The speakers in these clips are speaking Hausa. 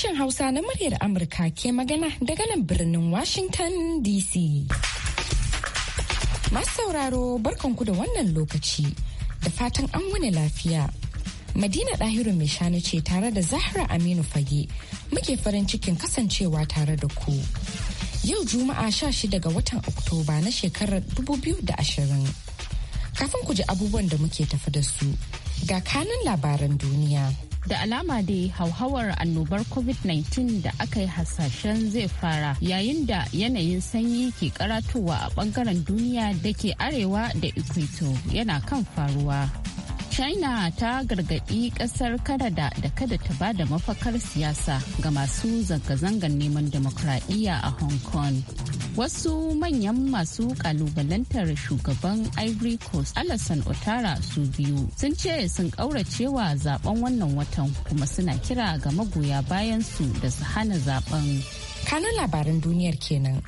Sashen Hausa na muryar Amurka ke magana daga nan birnin Washington DC. Masu sauraro barkanku da wannan lokaci da fatan an wani lafiya. Madina Dahiru mai shanu ce tare da Zahra Aminu Fage muke farin cikin kasancewa tare da ku. Yau Juma'a 16 ga watan Oktoba na shekarar 2020. Kafin ku ji abubuwan da muke tafi da su, ga kanin labaran duniya. da alama dai hauhawar annobar covid-19 da aka yi hasashen zai fara yayin da yanayin sanyi ke karatowa a bangaren duniya da ke arewa da equator yana kan faruwa china ta gargaɗi ƙasar kanada da kada ta ba da mafakar siyasa ga masu zanga-zangar neman demokradiyya a hong kong wasu manyan masu kalubalantar shugaban ivory coast alasan otara su biyu sun ce sun kauracewa zaben wannan watan kuma suna kira ga magoya bayan su da su hana zaben kanun labaran duniyar kenan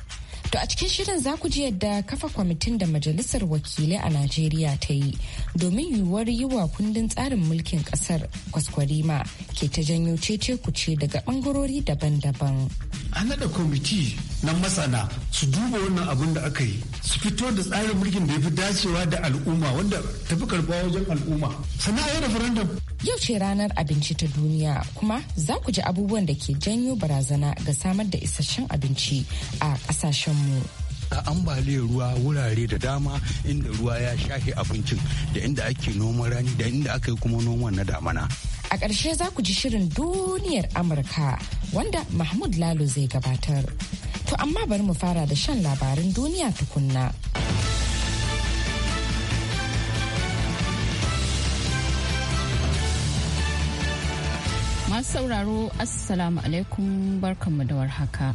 To a cikin shirin za ku ji yadda kafa kwamitin da Majalisar Wakilai a Najeriya ta yi domin yiwuwar yi wa kundin tsarin mulkin kasar kwaskwarima ke ta janyo cece kuce daga bangarori daban-daban. an naɗa kwamiti na masana su duba wannan abin da aka yi su fito da tsarin mulkin da ya fi dacewa da al'umma wanda tafi karɓa wajen al'umma sannan a yi referendum yau ce ranar abinci ta duniya kuma za ku ji abubuwan da ke janyo barazana ga samar da isasshen abinci a ƙasashenmu. mu a ambaliyar ruwa wurare da dama inda ruwa ya shafe abincin da inda ake noman rani da inda aka yi kuma noman na damana. A ƙarshe za ku ji shirin duniyar Amurka wanda Mahmud Lalo zai gabatar. To amma bari mu fara da shan labarin duniya tukunna. Masu sauraro, Assalamu alaikum barkanmu da warhaka.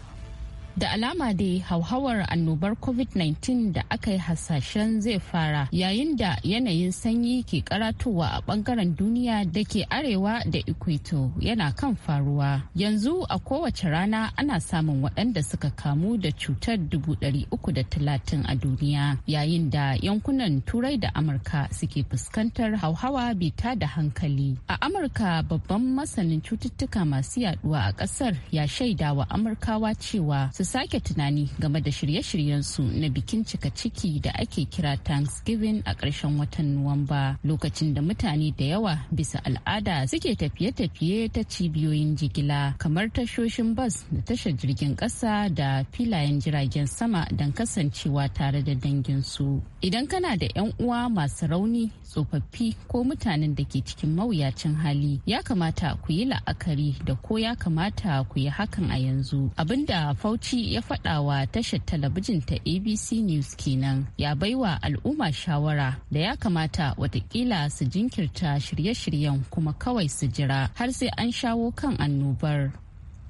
da alama dai hauhawar annobar covid-19 da aka yi hasashen zai fara yayin da yanayin sanyi ke karatowa a bangaren duniya da ke arewa da equator yana kan faruwa yanzu a kowace rana ana samun waɗanda suka kamu da cutar 330 a duniya yayin da yankunan turai da amurka suke fuskantar hauhawa bita da hankali a amurka babban masanin cututtuka masu yaduwa a ƙasar ya shaidawa amurkawa cewa su sake tunani game da shirye-shiryensu na bikin cika ciki da ake kira Thanksgiving a ƙarshen watan Nuwamba lokacin da mutane da yawa bisa al'ada suke tafiye-tafiye ta cibiyoyin jigila kamar tashoshin bas da tashar jirgin ƙasa da filayen jiragen sama don kasancewa tare da danginsu. Idan kana da 'yan uwa masu rauni tsofaffi ko mutanen da ke cikin mawuyacin hali ya kamata ku yi la'akari da ko ya kamata ku yi hakan a yanzu abinda fauci Bauchi ya faɗa wa tashar talabijin ta ABC News kenan ya baiwa al'umma shawara da ya kamata watakila su jinkirta shirye-shiryen kuma kawai su jira har sai an shawo kan annobar.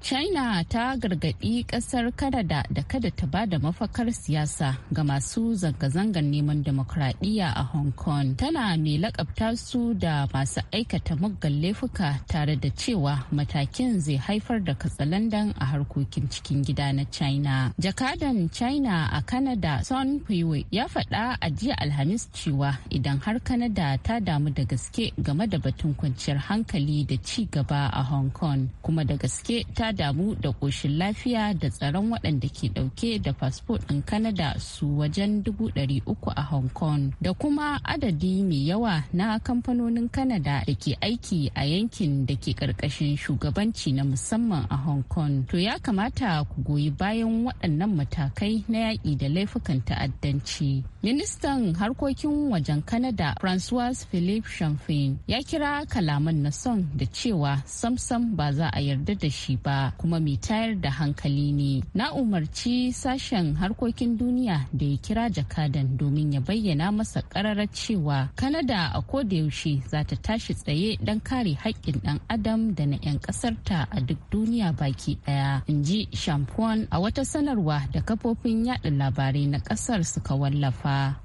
china ta gargadi kasar kanada da kada ta ba da mafakar siyasa ga masu zanga-zangar neman demokradiyya a hong kong tana mai lakabta su da masu aikata muggan laifuka tare da cewa matakin zai haifar da katsalandan a harkokin cikin gida na china jakadan china a kanada son Puiwe ya faɗa a jiya alhamis cewa idan har kanada ta damu da gaske game da batun kwanciyar hankali da ci gaba a hong kong kuma da gaske ta da damu da koshin lafiya da tsaron waɗanda ke ɗauke da fasfo ɗin Canada su wajen dubu ɗari uku a Hong Kong da kuma adadi mai yawa na kamfanonin kanada da ke aiki a yankin da ke ƙarƙashin shugabanci na musamman a Hong Kong. To ya kamata ku goyi bayan waɗannan matakai na yaƙi da laifukan ta'addanci. Ministan harkokin wajen kanada Francois Philippe Champagne ya kira kalaman na son da cewa samsam ba za a yarda da shi ba. kuma mai tayar da hankali ne na umarci sashen harkokin duniya da ya kira jakadan domin ya bayyana masa kararar cewa kanada a kodayaushe za ta tashi tsaye don kare haƙƙin ɗan adam da na 'yan ƙasarta a duk duniya baki ɗaya in ji shampon a wata sanarwa da kafofin yaɗa labarai na ƙasar suka wallafa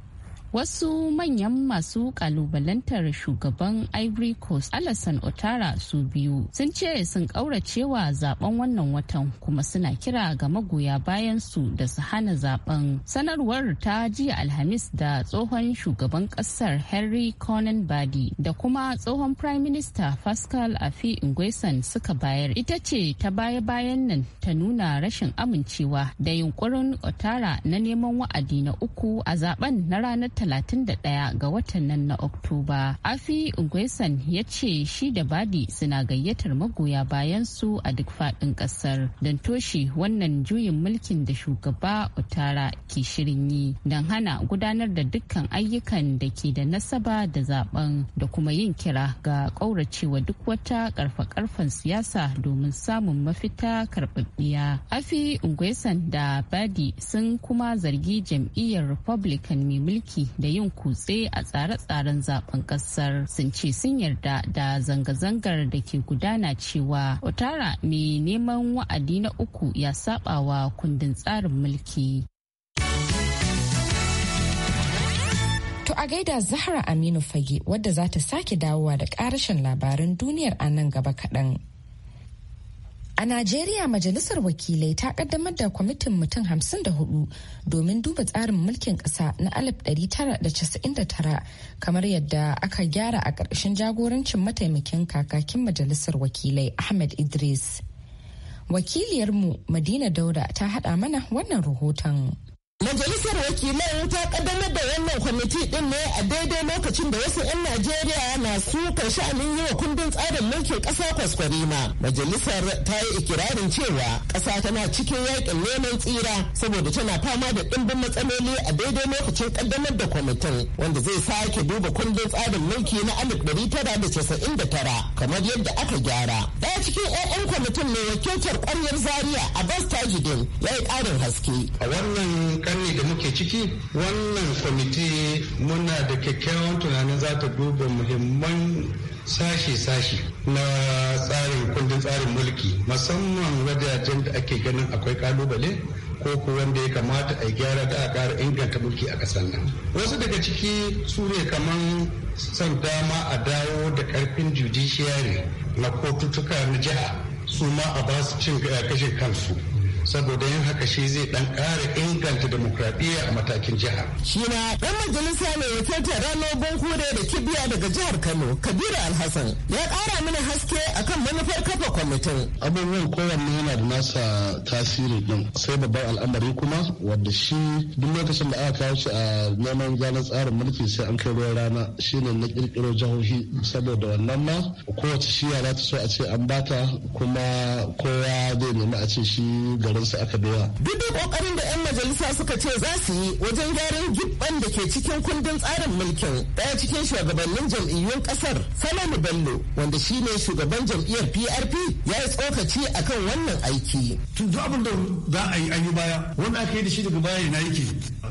wasu manyan masu kalubalantar shugaban ivory coast alasan otara su biyu sun ce sun kauracewa zaben wannan watan kuma suna kira ga magoya bayan su da su hana zaben sanarwar ta jiya alhamis da tsohon shugaban kasar henry conan badi da kuma tsohon prime minister pascal afi ingwesan suka bayar ita ce ta baya-bayan nan ta nuna rashin amincewa da yunkurin otara na neman wa'adi na uku a zaben na ranar 31 ga watan nan na Oktoba. Afi Ugwesan ya ce shi da Badi suna gayyatar magoya bayan su a duk faɗin ƙasar don toshe wannan juyin mulkin da shugaba Otara ke shirin yi don hana gudanar da dukkan ayyukan da ke da nasaba da zaben da kuma yin kira ga ƙauracewa duk wata ƙarfe karfen siyasa domin samun mafita karɓaɓɓiya. Afi Ugwesan da Badi sun kuma zargi jam'iyyar Republican mai mulki da yin kutse a tsare-tsaren zaben kasar sun ce sun yarda da zanga-zangar da ke gudana cewa otara mai neman wa'adi na uku ya sabawa kundin tsarin mulki To a gaida Zahra Aminu Fage wadda za ta sake dawowa da karashin labarin duniyar a nan gaba kaɗan. A Najeriya Majalisar Wakilai ta kaddamar da kwamitin mutum 54 domin duba tsarin mulkin ƙasa na 1999 kamar yadda aka gyara a ƙarshen jagorancin mataimakin kakakin Majalisar Wakilai Ahmed Idris. Wakiliyarmu Madina Dauda ta haɗa mana wannan rahoton. Majalisar wakilan ta kaddamar da wannan kwamiti din ne a daidai lokacin da wasu 'yan Najeriya na sukar sha'anin yi wa kundin tsarin mulkin ƙasa kwaskwarima. Majalisar ta yi ikirarin cewa ƙasa tana cikin yakin neman tsira saboda tana fama da ɗimbin matsaloli a daidai lokacin ƙaddamar da kwamitin wanda zai sake duba kundin tsarin mulki na alif ɗari tara da casa'in da tara kamar yadda aka gyara. Ɗaya cikin ƴaƴan kwamitin mai wakiltar ƙwaryar Zaria a bas tajidin ya yi ƙarin haske. A wannan ƙarni da muke ciki wannan kwamiti muna da kyakkyawan tunanin za ta duba muhimman sashe-sashe na tsarin kundin tsarin mulki musamman wajajen da ake ganin akwai kalubale ko ku wanda ya kamata a gyara da a ƙara inganta mulki a ƙasar nan wasu daga ciki su ne kamar son dama a dawo da karfin judiciary na kotutuka na jiha su ma a basu su cin kashin kansu saboda yin haka shi zai dan ƙara inganta demokradiyya a matakin jiha. Shi ma ɗan majalisa ya wakiltar Rano kure da Kibiya daga jihar Kano, Kabiru Alhassan, ya kara mana haske akan manufar kafa kwamitin. Abubuwan kowanne yana da nasa tasiri din sai babban al'amari kuma wanda shi duk lokacin da aka kawo shi a neman gane tsarin mulki sai an kai ruwan rana shine na kirkiro jihohi saboda wannan ma kowace shiya za ta so a ce an bata kuma kowa zai nemi a ce shi ga su aka biya. Duk da kokarin da 'yan majalisa suka ce za su yi wajen gyaran gibban da ke cikin kundin tsarin mulkin daya cikin shugabannin jam'iyyun kasar Salamu Bello wanda shi ne shugaban jam'iyyar PRP ya yi tsokaci akan wannan aiki. Tun duk abin da za a yi an yi baya wanda aka yi da shi daga baya yana yake.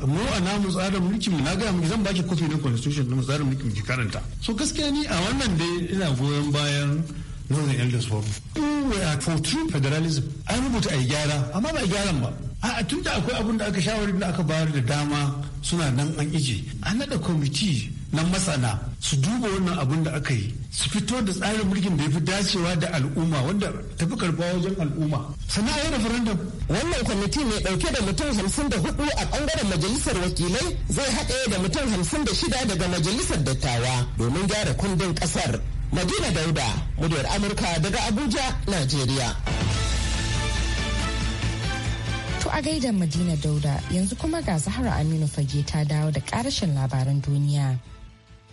Mu a namu tsarin mulkin mu na gaya mu zan baki kofi na constitution na tsarin mulkin ki karanta. So gaskiya ni a wannan dai ina goyon bayan not elders forum federalism an rubuta a gyara amma ba a gyaran ba a tun da akwai abin da aka shawari da aka bayar da dama suna nan an ije an naɗa kwamiti na masana su duba wannan abin da aka yi su fito da tsarin mulkin da ya fi dacewa da al'umma wanda tafi karba wajen al'umma sana'a a yi referendum wannan kwamiti mai ɗauke da mutum hamsin da hudu a bangaren majalisar wakilai zai haɗe da mutum hamsin da shida daga majalisar dattawa domin gyara kundin ƙasar Madina Dauda, muryar Amurka daga Abuja, Najeriya. To a gaidan Madina Dauda yanzu kuma ga Zahra Aminu fage ta dawo da ƙarashin labaran duniya.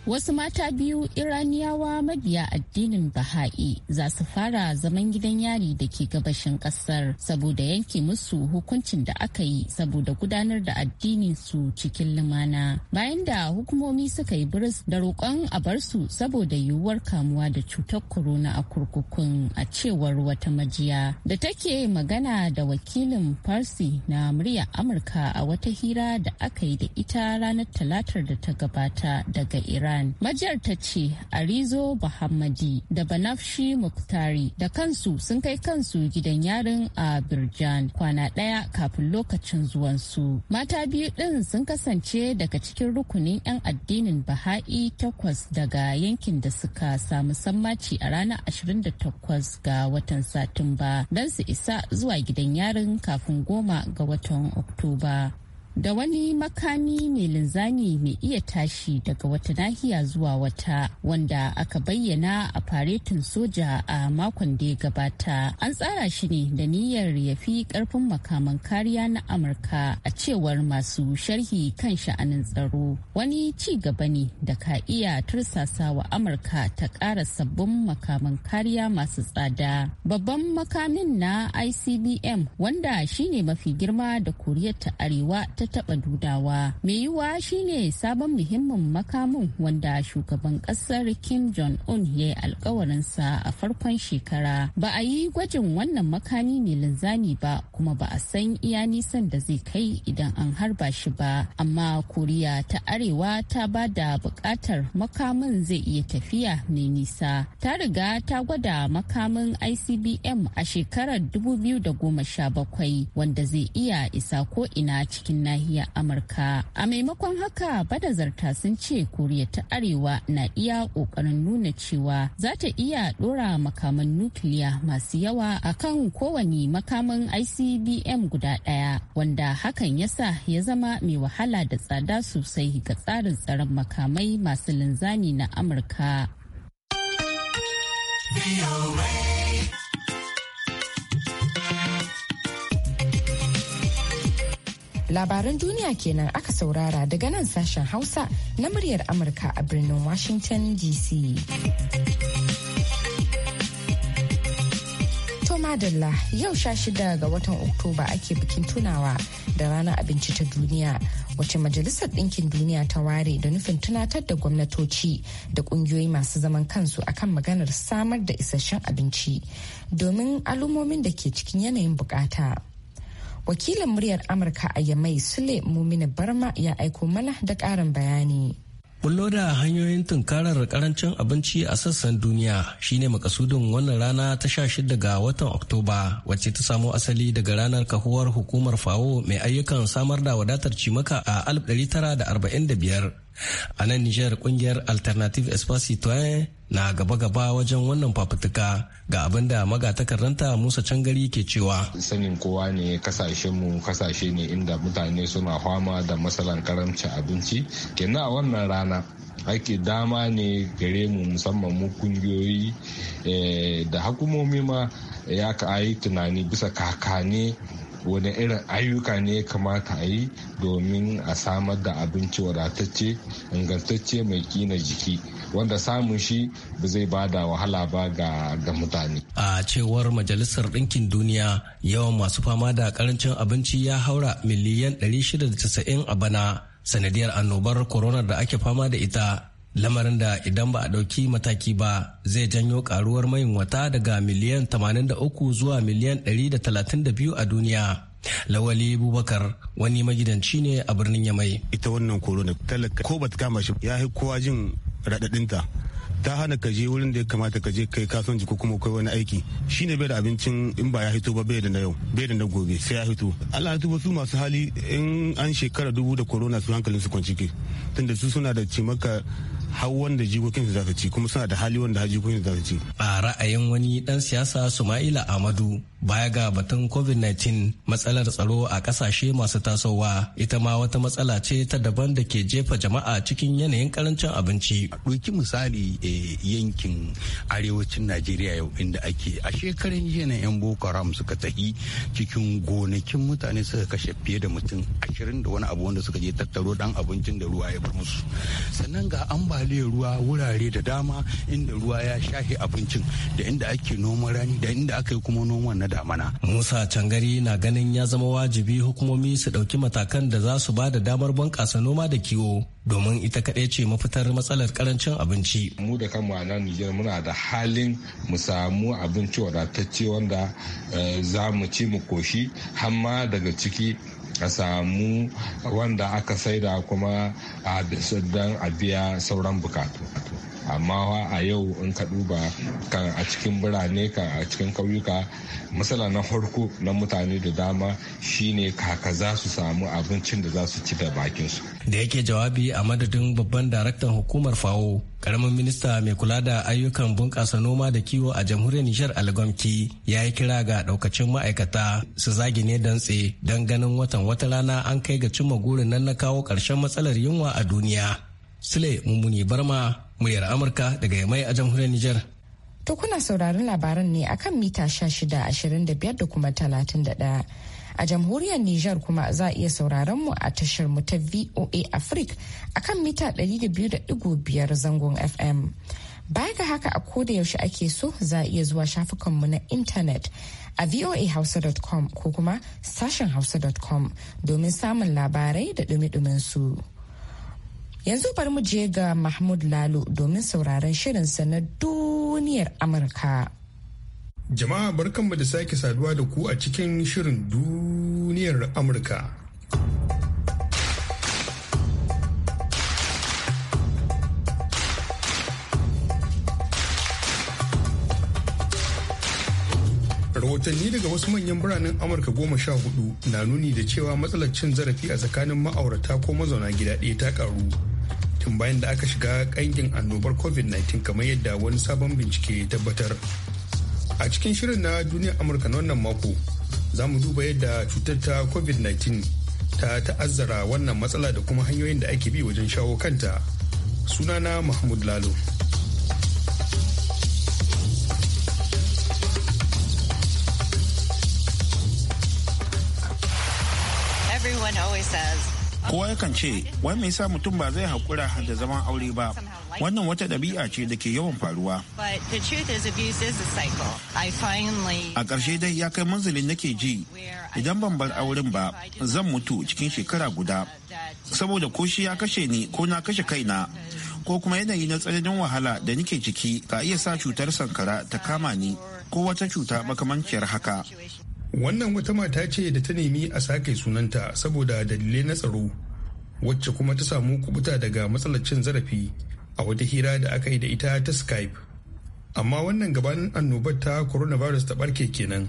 Wasu mata biyu Iraniyawa mabiya addinin Baha'i za su fara zaman gidan yari da ke gabashin kasar saboda yanke musu hukuncin da aka yi saboda gudanar da addinin su cikin lumana. Bayan da hukumomi suka yi biris da roƙon a bar su saboda yiwuwar kamuwa da cutar corona a kurkukun a cewar wata majiya da take magana da wakilin Farsi na murya Amurka a wata hira da aka yi da ita ranar talatar da ta gabata daga Iran. Iran. Majiyar ta ce Arizo Bahammadi da Banafshi mukhtari da kansu sun kai kansu gidan yarin a Birjan kwana ɗaya kafin lokacin zuwansu. Mata biyu ɗin sun kasance daga cikin rukunin 'yan addinin Baha'i takwas daga yankin da suka samu sammaci a ranar 28 ga watan Satumba don su isa zuwa gidan yarin kafin goma ga watan Oktoba. da wani makami mai linzami mai iya tashi daga wata nahiya zuwa wata wanda aka bayyana a faretin soja a makon da ya gabata an tsara shi ne da niyyar ya fi karfin makaman kariya na amurka a cewar masu sharhi kan sha'anin tsaro wani ci gaba ne da ka iya tursasa wa amurka ta ƙara sabbin makaman kariya masu tsada babban makamin na icbm wanda shine mafi girma da koriya ta arewa ta taba dudawa mai yiwuwa shine sabon muhimmin makamin wanda shugaban kasar kim jong un ya yi alkawarinsa a farkon shekara ba a yi gwajin wannan makami mai linzami ba kuma ba a san iya nisan da zai kai idan an harba shi ba amma koriya ta arewa ta ba da bukatar makamin zai iya tafiya mai nisa ta riga ta gwada makamin icbm a shekarar 2017 wanda zai iya isa ko ina cikin nahiyar amurka a maimakon haka badazarta sun ce koriya ta arewa na iya kokarin nuna cewa za ta iya dora makaman nukiliya masu yawa a kan kowane makaman icbm guda daya wanda hakan ya sa ya zama mai wahala da tsada sosai ga tsarin tsaron makamai masu linzani na amurka. labaran duniya kenan aka saurara daga nan sashen hausa na muryar amurka a birnin washington dc madalla yau sha shida ga watan oktoba ake bikin tunawa da ranar abinci ta duniya wace majalisar ɗinkin duniya ta ware da nufin tunatar da gwamnatoci da ƙungiyoyi masu zaman kansu akan maganar samar da isasshen abinci domin alumomin da ke cikin yanayin bukata. wakilin muryar amurka a yamai sule mumini barma ya aiko mana da karin bayani bullo da hanyoyin tunkarar karancin abinci a sassan duniya shine makasudin wannan rana ta 16 ga watan oktoba wacce ta samo asali daga ranar kahuwar hukumar fawo mai ayyukan samar da wadatar cimaka a 1945 a nan nijar kungiyar alternative espace citoyen na gaba-gaba wajen wannan fafutuka ga abinda da magatakarranta musa cangari ke cewa sanin kowa ne mu kasashe ne inda mutane suna fama da matsalan karamci abinci kenan a wannan rana ake dama ne gare mu musamman mu kungiyoyi eh, da hukumomi ma ya ka yi tunani bisa kakane wani irin ayyuka ne kamata a yi domin a samar da abinci wadatacce ingantacce mai kina jiki wanda samun shi ba zai ba da wahala ba ga mutane a cewar majalisar ɗinkin duniya yawan masu fama da karancin abinci ya haura miliyan 690 a bana sanadiyar annobar corona da ake fama da ita lamarin da idan ba a ɗauki mataki ba zai janyo karuwar mai wata daga miliyan 83 zuwa miliyan 132 a duniya lawali bubakar wani magidanci ne a birnin yamai ita wannan corona talaka ko bata kama shi ya kowa jin raɗaɗinta ta hana ka je wurin da ya kamata ka je kai kasuwanci ko kuma kai wani aiki shine bai da abincin in ba ya hito ba bai da na yau bai da na gobe sai ya hito Allah tuba su masu hali in an shekara dubu da corona su hankalin su kwanci ke tunda su suna da cimaka har wanda jikokin su za ci kuma suna da hali wanda jikokin su za ci. A ra'ayin wani dan siyasa Sumaila Amadu baya ga batun COVID-19 matsalar tsaro a kasashe masu tasowa ita ma wata matsala ce ta daban da ke jefa jama'a cikin yanayin karancin abinci. Ɗauki misali eh, yankin arewacin Najeriya yau inda ake a shekarun jiya na 'yan Boko Haram suka tahi cikin gonakin mutane suka kashe fiye da mutum ashirin da wani abu wanda suka je tattaro dan abincin da ruwa ya bar musu. Sannan ga an ba. ambaliyar ruwa wurare da dama inda ruwa ya shahe abincin da inda ake noman rani da inda aka yi kuma noman na damana. Musa Cangari na ganin ya zama wajibi hukumomi su ɗauki matakan da za su ba da damar bunƙasa noma da kiwo domin ita kaɗai ce mafitar matsalar karancin abinci. Mu da kan a nan Nijar muna da halin mu samu abinci wadatacce wanda eh, za mu ci mu koshi hamma daga ciki a samu wanda aka saida kuma a don a biya sauran bukatu amma a yau in ka duba kan a cikin birane kan a cikin kauyuka matsala na farko na mutane da dama shine kaka za su samu abincin da za su ci da bakinsu da yake jawabi a madadin babban daraktan hukumar fawo karamin minista mai kula da ayyukan bunƙasa noma da kiwo a jamhuriyar nishar algonki ya yi kira ga ɗaukacin ma'aikata su zagi ne dantse don ganin watan wata rana an kai ga cimma gurin nan na kawo ƙarshen matsalar yunwa a duniya sule mummuni barma muryar Amurka daga Yamai a jamhuriyar niger To kuna sauraron labaran ne akan mita 1625 da kuma 31. A jamhuriyar Nijar kuma za a iya sauraron mu a tashar mu ta VOA Africa akan mita da 200.5 zangon FM. Baya ga haka a ko da yaushe ake so za a iya zuwa shafukanmu na intanet a voahausa.com ko kuma sashen hausa.com domin samun labarai da dumi su. Yanzu bari mu je ga Mahmud lalu domin sauraron shirinsa na duniyar Amurka. Jama'a barkanmu da sake saduwa da ku a cikin shirin duniyar Amurka. rahotanni daga wasu manyan biranen amurka goma sha hudu na nuni da cewa matsalar cin zarafi a tsakanin ma'aurata ko mazauna gida ɗaya ta karu tun bayan da aka shiga kangin annobar covid-19 kamar yadda wani sabon bincike ya tabbatar a cikin shirin na duniyar amurka na wannan mako za mu duba yadda cutar ta covid-19 ta ta'azzara wannan matsala da kuma hanyoyin da ake bi wajen shawo kanta sunana mahmud lalo Everyone always says kowa yakan ce wai mai sa mutum ba zai haƙura da zaman aure ba wannan wata ɗabi'a ce da ke yawan faruwa a ƙarshe dai ya kai manzilin nake ji idan ban bar auren ba zan mutu cikin shekara guda saboda ko shi ya kashe ni ko na kashe kaina ko kuma yanayi na tsananin wahala da nike ciki ka iya sa cutar sankara ta kama ni ko wata cuta makamanciyar haka wannan wata mata ce da ta nemi a sake sunanta saboda dalilai na tsaro wacce kuma ta samu kubuta daga matsalar zarafi a wata hira da aka yi da ita ta skype amma wannan gabanin annobar ta coronavirus ta barke kenan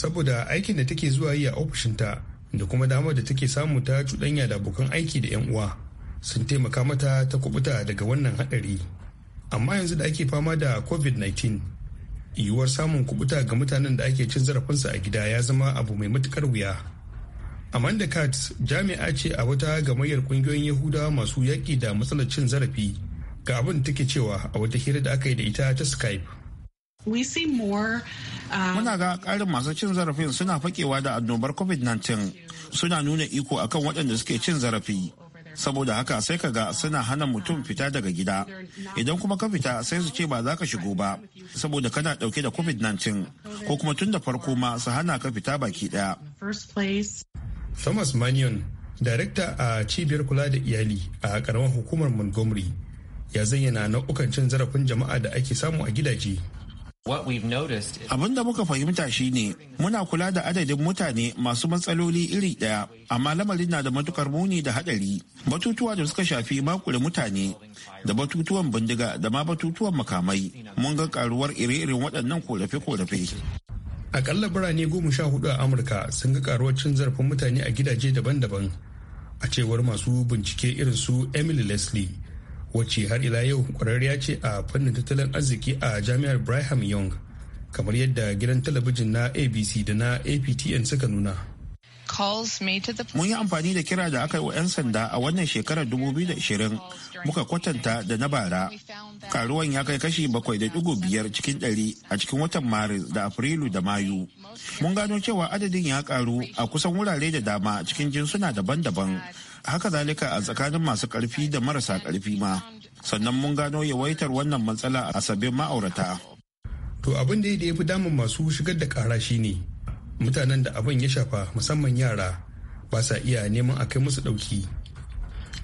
saboda aikin da take zuwa yi a ofishinta da kuma damar da take samu ta cuɗanya da abokan aiki da 'yan uwa sun taimaka mata ta kubuta daga wannan haɗari amma yanzu da ake fama da covid-19 yiwuwar samun kubuta ga mutanen da ake cin zarafinsu a gida ya zama abu mai matukar wuya amanda kat jami'a ce a wata gamayyar kungiyoyin yahudawa masu yaƙi da matsalar cin zarafi ga abin da take cewa a wata hira da aka yi da ita ta skype uh, Muna ga ƙarin masu cin zarafin suna fakewa da annobar COVID-19 suna nuna iko akan waɗanda suke cin zarafi. saboda haka sai ka ga suna hana mutum fita daga gida idan kuma ka fita sai su ce ba za ka shigo ba saboda kana dauke da covid-19 ko kuma tun da farko ma su hana ka fita baki daya thomas manion darekta a cibiyar kula da iyali a karamar hukumar montgomery ya zayyana nau'ukan cin zarafin jama'a da ake samu a gidaje Abin da muka fahimta shi ne muna kula da adadin mutane masu matsaloli iri ɗaya, amma lamarin na da matukar muni da haɗari. Batutuwa da suka shafi makule mutane da batutuwan bindiga da ma batutuwan makamai mun ga karuwar ire-iren waɗannan korafe-korafe. Akalla birane goma sha hudu a Amurka sun ga karuwar cin zarafin mutane a gidaje daban-daban. A cewar masu bincike irin su Emily Leslie, wacce har ila yau kwararriya ce a fannin tattalin arziki a jami'ar Brigham Young kamar yadda gidan talabijin na ABC da na APTN suka nuna. Mun yi amfani da kira da aka yi wa 'yan sanda a wannan shekarar 2020 muka kwatanta da na bara. Karuwan ya kai kashi bakwai da biyar cikin ɗari a cikin watan Maris da Afrilu da Mayu. Mun gano cewa adadin ya karu a kusan wurare da dama cikin jinsuna daban-daban haka zalika a tsakanin masu ƙarfi da marasa karfi ma sannan mun gano yawaitar wannan matsala a sabbin ma'aurata to abin da ya fi damun masu shigar da ƙara shine mutanen da abin ya shafa musamman yara ba sa iya neman a kai musu ɗauki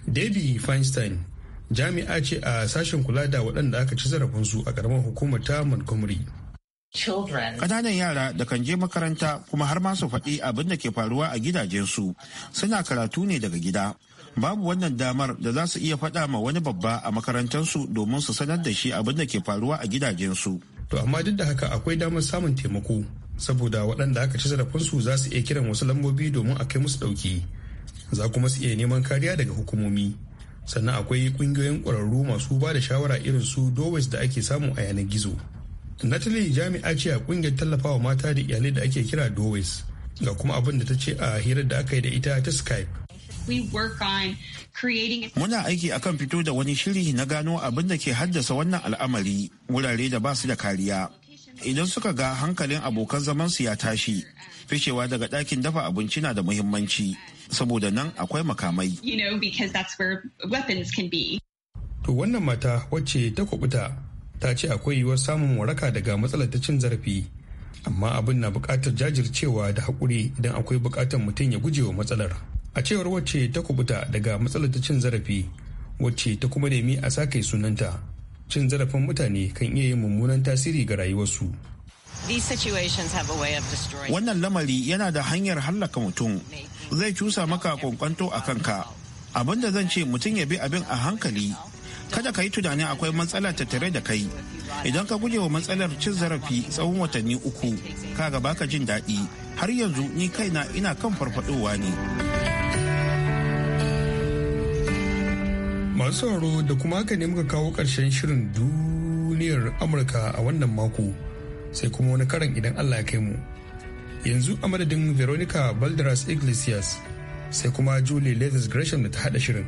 debbie feinstein jami'a ce a sashen kula da waɗanda aka ci zarafinsu a ƙaramar hukumar ta montgomery Ƙananan yara da kan je makaranta kuma har ma su faɗi abin da ke faruwa a gidajensu suna karatu ne daga gida. Babu wannan damar da za su iya faɗa ma wani babba a makarantarsu domin su sanar da shi abin da ke faruwa a gidajensu. To amma duk da haka akwai damar samun taimako saboda waɗanda aka ci zarafinsu za su iya kiran wasu lambobi domin a kai musu ɗauki. Za kuma su iya neman kariya daga hukumomi. Sannan akwai ƙungiyoyin ƙwararru masu ba da shawara irin su Dowes da ake samu a yanar gizo. natalie jami'a ce a kungiyar tallafawa mata da iyalai da ake kira dowes ga kuma abin da ta ce a hirar da aka yi da ita ta skype Muna aiki akan fito da wani shiri na gano abin da ke haddasa wannan al'amari wurare da ba su da kariya. Idan suka ga hankalin abokan zaman su ya tashi, fishewa daga ɗakin dafa abinci na da muhimmanci, saboda nan akwai makamai. To wannan mata wacce ta kubuta ta ce akwai yiwuwar samun waraka daga matsalar ta cin zarafi amma abin na buƙatar jajircewa da haƙuri idan akwai buƙatar mutum ya gujewa matsalar a cewar wacce ta kubuta daga matsalar ta cin zarafi wacce ta kuma nemi a sake sunanta cin zarafin mutane kan iya yin mummunan tasiri ga rayuwarsu wannan lamari yana da hanyar hallaka mutum zai cusa maka kwankwanto a kanka abin da zan ce mutum ya bi abin a hankali kada ka yi tunani akwai matsala tattare da kai idan ka guje wa matsalar cin zarafi tsawon watanni uku ka gaba ka jin daɗi har yanzu ni kaina ina kan farfadowa ne masu sauraro da kuma haka ne muka kawo ƙarshen shirin duniyar amurka a wannan mako sai kuma wani karan idan allah ya kai mu yanzu a madadin veronica balderas iglesias sai kuma julie lathis gresham da ta haɗa shirin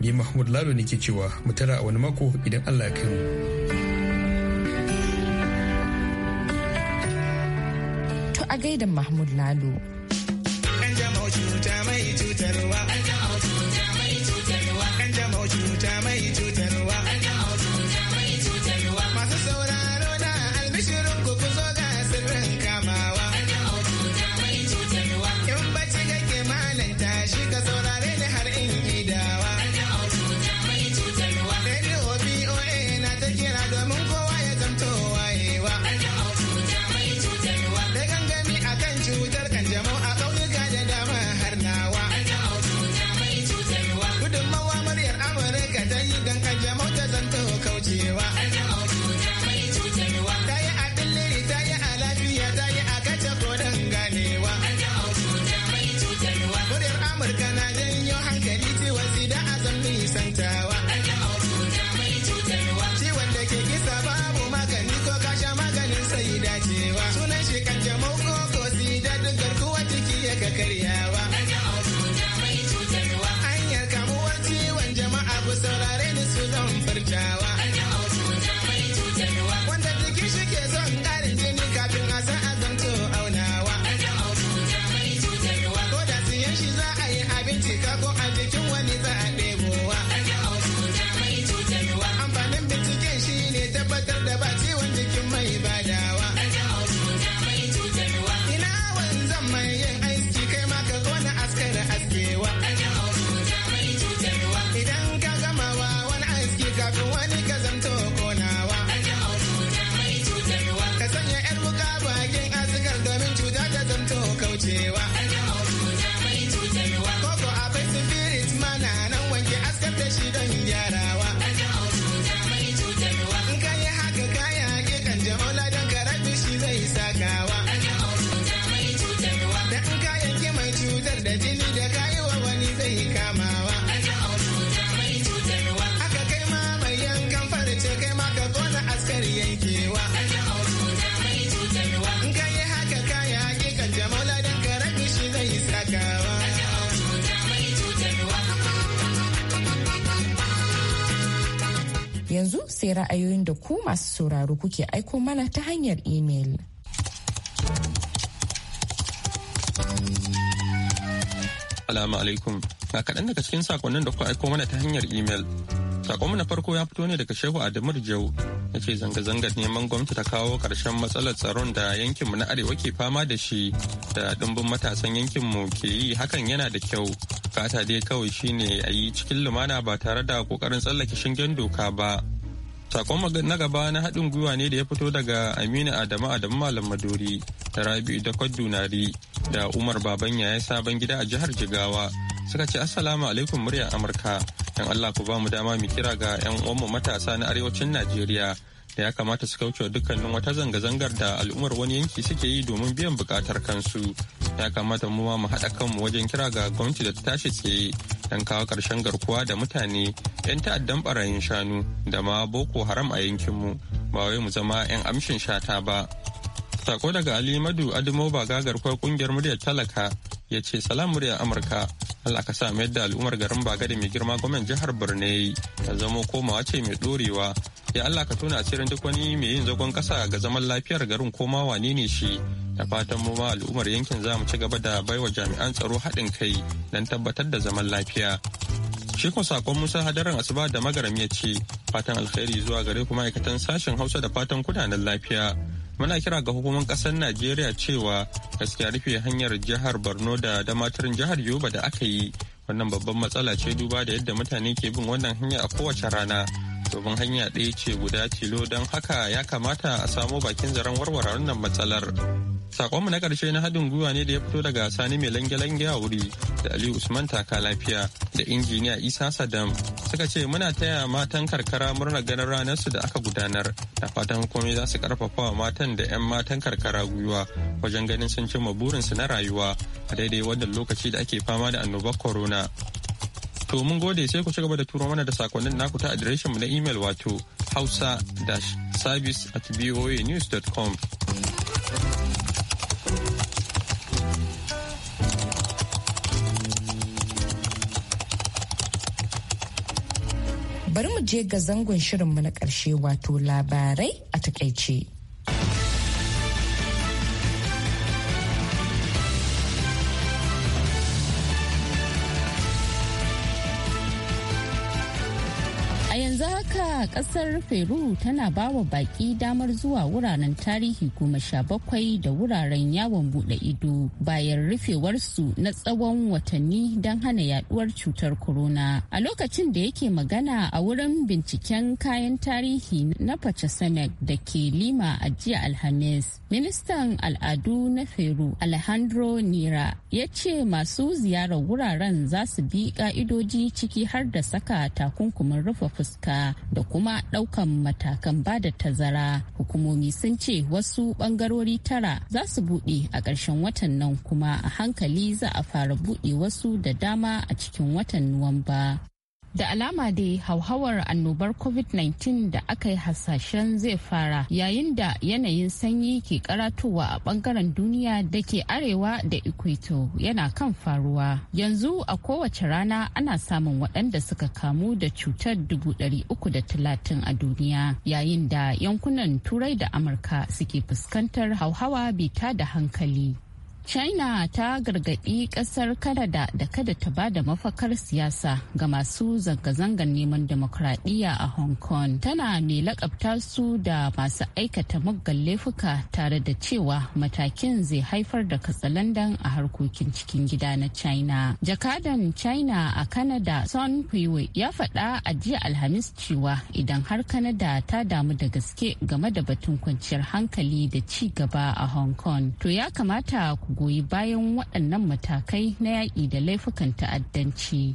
ni mahmud lalo ne ke cewa mu tara a wani mako idan allah ya kai mu to a gaidan mahmud lalo was sai ra'ayoyin da ku masu sauraro kuke aiko mana ta hanyar imel. alamu alaikum. Ga kaɗan daga cikin sakonnin da ku aiko mana ta hanyar imel. Sakonmu na farko ya fito ne daga Shehu adamu Jau. Ya ce zanga-zangar neman gwamnati ta kawo ƙarshen matsalar tsaron da yankinmu na Arewa ke fama da shi da ɗumbin matasan yankinmu ke yi hakan yana da kyau. Fata dai kawai shine a yi cikin lumana ba tare da ƙoƙarin tsallake shingen doka ba. sakon na gaba na haɗin gwiwa ne da ya fito daga aminu adamu adamu malam maduri da rabi'u da kwadunari da umar baban ya sabon gida a jihar jigawa suka ce assalamu alaikum murya amurka dan allah ku ba mu dama mu kira ga yan uwanmu matasa na arewacin najeriya da ya kamata su kaucewa dukkanin wata zanga-zangar da al'ummar wani yanki suke yi domin biyan bukatar kansu ya kamata mu ma mu haɗa kanmu wajen kira ga gwamnati da ta tashi tsaye don kawo ƙarshen garkuwa da mutane 'yan ta'addan barayin shanu da ma boko haram a yankinmu ba wai mu zama 'yan amshin shata ba sako daga alimadu adamo ba gagar kwa kungiyar muryar talaka ya ce salam murya amurka allah ka sa yadda al'ummar garin baga da mai girma gwamnan jihar borno ta zamo komawa ce mai dorewa ya allah ka tona asirin duk wani mai yin zagon kasa ga zaman lafiyar garin koma wane ne shi da fatan mu ma al'ummar yankin za mu ci gaba da baiwa jami'an tsaro haɗin kai don tabbatar da zaman lafiya shi sakon musa hadaran asuba da magaram ya ce fatan alkhairi zuwa gare kuma ma'aikatan sashen hausa da fatan kudanan lafiya muna kira ga hukumar kasar najeriya cewa gaskiya rufe hanyar jihar borno da damatarin jihar yoruba da aka yi wannan babban matsala ce duba da yadda mutane ke bin wannan hanya a kowace rana domin hanya ɗaya ce guda tilo don haka ya kamata a samo bakin zaren warware wannan matsalar Sakonmu na karshe na haɗin gwiwa ne da ya fito daga Sani mai lange-lange a wuri da Ali Usman taka lafiya da injiniya Isa Saddam suka ce muna taya matan karkara murna ganin ranar su da aka gudanar da fatan komai za su karfafa wa matan da 'yan matan karkara gwiwa wajen ganin sun cimma su na rayuwa a daidai wannan lokaci da ake fama da annobar corona. To mun gode sai ku ci gaba da turo mana da sakonnin naku ta adireshin mu na imel wato hausa-service at voanews.com. bari mu je ga zangon shirinmu na ƙarshe wato labarai a takaice. a kasar peru tana bawa baki damar zuwa wuraren tarihi goma sha bakwai da wuraren yawon bude ido bayan rufewarsu na tsawon watanni don hana yaduwar cutar corona a lokacin da yake magana a wurin binciken kayan tarihi na pachasenek da ke lima a jiya alhamis ministan al'adu na peru alejandro nira ya ce masu ziyarar wuraren za su bi ka'idoji ciki har da saka takunkumin rufe fuska da kuma ɗaukan matakan ba da tazara hukumomi sun ce wasu ɓangarori tara za su buɗe a ƙarshen watan nan kuma a hankali za a fara buɗe wasu da dama a cikin watan nuwamba Da alama dai hauhawar annobar COVID-19 da aka yi hasashen zai fara yayin da yanayin sanyi ke karatowa a bangaren duniya da ke arewa da equator yana kan faruwa. Yanzu a kowace rana ana samun waɗanda suka kamu da cutar 330 a duniya yayin da yankunan turai da Amurka suke fuskantar hauhawa bita da hankali. china ta gargaɗi ƙasar kanada da kada ta ba da mafakar siyasa ga masu zanga-zangar neman demokradiyya a hong kong tana mai lakabta su da masu aikata muggan laifuka tare da cewa matakin zai haifar da katsalandan a harkokin cikin gida na china jakadan china a kanada son Huiwe ya faɗa a jiya alhamis cewa idan har kanada ta damu da gaske game da batun kwanciyar hankali da ci gaba a hong kong to ya kamata ku goyi bayan waɗannan matakai na yaƙi da laifukan ta'addanci.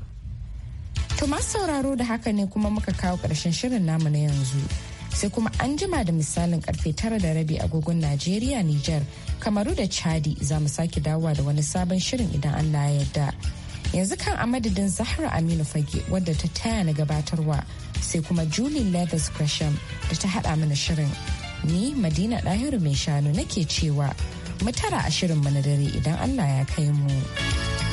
To masu sauraro da haka ne kuma muka kawo ƙarshen shirin namu na yanzu. Sai kuma an jima da misalin karfe tara da rabi agogon Najeriya, Nijar, Kamaru da Chadi za mu sake dawowa da wani sabon shirin idan Allah ya yarda. Yanzu kan a madadin Zahra Aminu Fage wadda ta taya na gabatarwa sai kuma Julie Leathers Gresham da ta haɗa mana shirin. Ni Madina Ɗahiru mai shanu nake cewa mu tara a shirin mu na dare idan Allah ya kai mu.